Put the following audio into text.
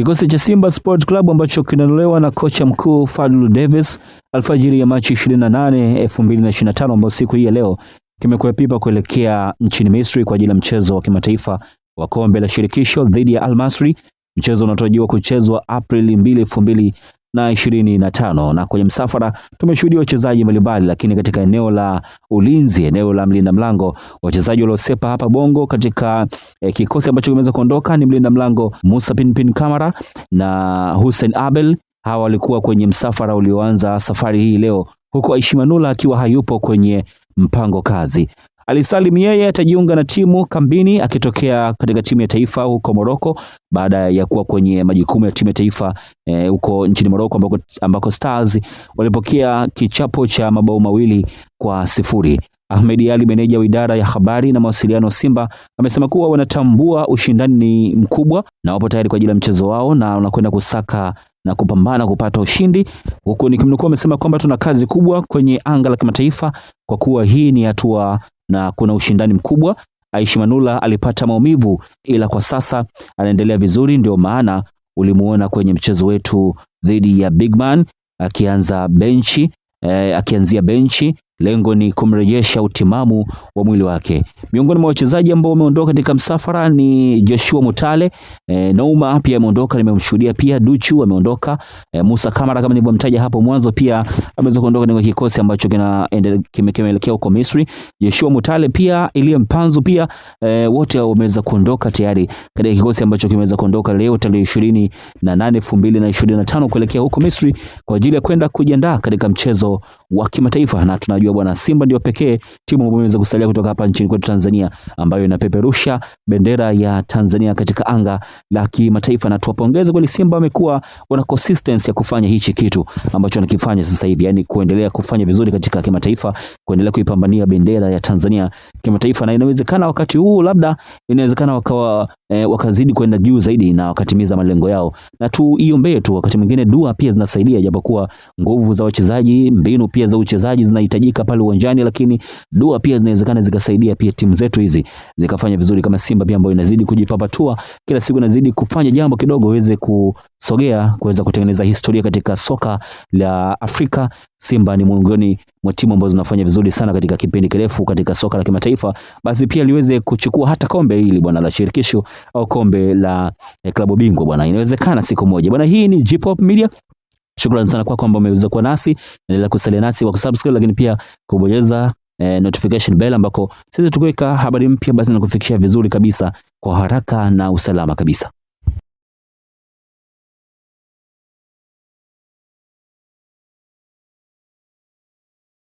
Kikosi cha Simba Sport Club ambacho kinanolewa na kocha mkuu Fadlu Davis alfajiri ya Machi 28, 2025 ambao siku hii ya leo kimekuwa pipa kuelekea nchini Misri kwa ajili ya mchezo wa kimataifa wa kombe la shirikisho dhidi ya Al Masry. Mchezo unatarajiwa kuchezwa Aprili 2, na ishirini na tano na kwenye msafara tumeshuhudia wachezaji mbalimbali, lakini katika eneo la ulinzi, eneo la mlinda mlango, wachezaji waliosepa hapa Bongo katika eh, kikosi ambacho kimeweza kuondoka ni mlinda mlango Musa Pinpin Kamara na Hussein Abel. Hawa walikuwa kwenye msafara ulioanza safari hii leo, huku Aishimanula akiwa hayupo kwenye mpango kazi. Ali Salim yeye atajiunga na timu kambini akitokea katika timu ya taifa huko Moroko baada ya kuwa kwenye majukumu ya timu ya taifa e, huko nchini Moroko ambako, ambako Stars walipokea kichapo cha mabao mawili kwa sifuri. Ahmed Ali, meneja wa idara ya habari na mawasiliano Simba, amesema kuwa wanatambua ushindani ni mkubwa na wapo tayari kwa ajili ya mchezo wao na wanakwenda kusaka na kupambana kupata ushindi, huku nikimnukuu, amesema kwamba tuna kazi kubwa kwenye anga la kimataifa kwa kuwa hii ni hatua na kuna ushindani mkubwa. Aishi Manula alipata maumivu, ila kwa sasa anaendelea vizuri, ndio maana ulimuona kwenye mchezo wetu dhidi ya Bigman akianza benchi eh, akianzia benchi Lengo ni kumrejesha utimamu wa mwili wake. Miongoni mwa wachezaji ambao wameondoka katika msafara ni Joshua Mutale, e, Nouma pia ameondoka, nimemshuhudia pia Duchu ameondoka, e, Musa Kamara kama nilivyomtaja hapo mwanzo pia ameweza kuondoka katika kikosi ambacho kimeelekea huko Misri. Joshua Mutale pia Elie Mpanzu pia e, wote wameweza kuondoka tayari katika kikosi ambacho kimeweza kuondoka leo tarehe na na nane na tano kuelekea huko Misri kwa ajili ya kwenda kujiandaa katika mchezo wa kimataifa na tunajua hiyo bwana, Simba ndio pekee timu ambayo imeweza kusalia kutoka hapa nchini kwetu Tanzania, ambayo inapeperusha bendera ya Tanzania katika anga la kimataifa, na tuwapongeze kweli, Simba wamekuwa wana consistency ya kufanya hichi kitu ambacho wanakifanya sasa hivi, yani kuendelea kufanya vizuri katika kimataifa, kuendelea kuipambania bendera ya Tanzania kimataifa, na inawezekana wakati huu labda inawezekana wakawa E, wakazidi kwenda juu zaidi na wakatimiza malengo yao, na tuiombee tu. Wakati mwingine dua pia zinasaidia, japokuwa nguvu za wachezaji, mbinu pia za uchezaji zinahitajika kutumika pale uwanjani, lakini dua pia zinawezekana zikasaidia pia timu zetu hizi zikafanya vizuri, kama Simba pia ambayo inazidi kujipapatua kila siku, inazidi kufanya jambo kidogo iweze kusogea kuweza kutengeneza historia katika soka la Afrika. Simba ni miongoni mwa timu ambazo zinafanya vizuri sana katika kipindi kirefu katika soka la kimataifa, basi pia liweze kuchukua hata kombe hili bwana la shirikisho au kombe la eh, klabu bingwa bwana, inawezekana siku moja bwana. Hii ni G-Pop Media. Shukrani sana kwako ambao umeweza kuwa nasi, endelea kusalia nasi kwa kusubscribe, lakini pia kubonyeza eh, notification bell ambako sisi tukiweka habari mpya basi nakufikishia vizuri kabisa kwa haraka na usalama kabisa.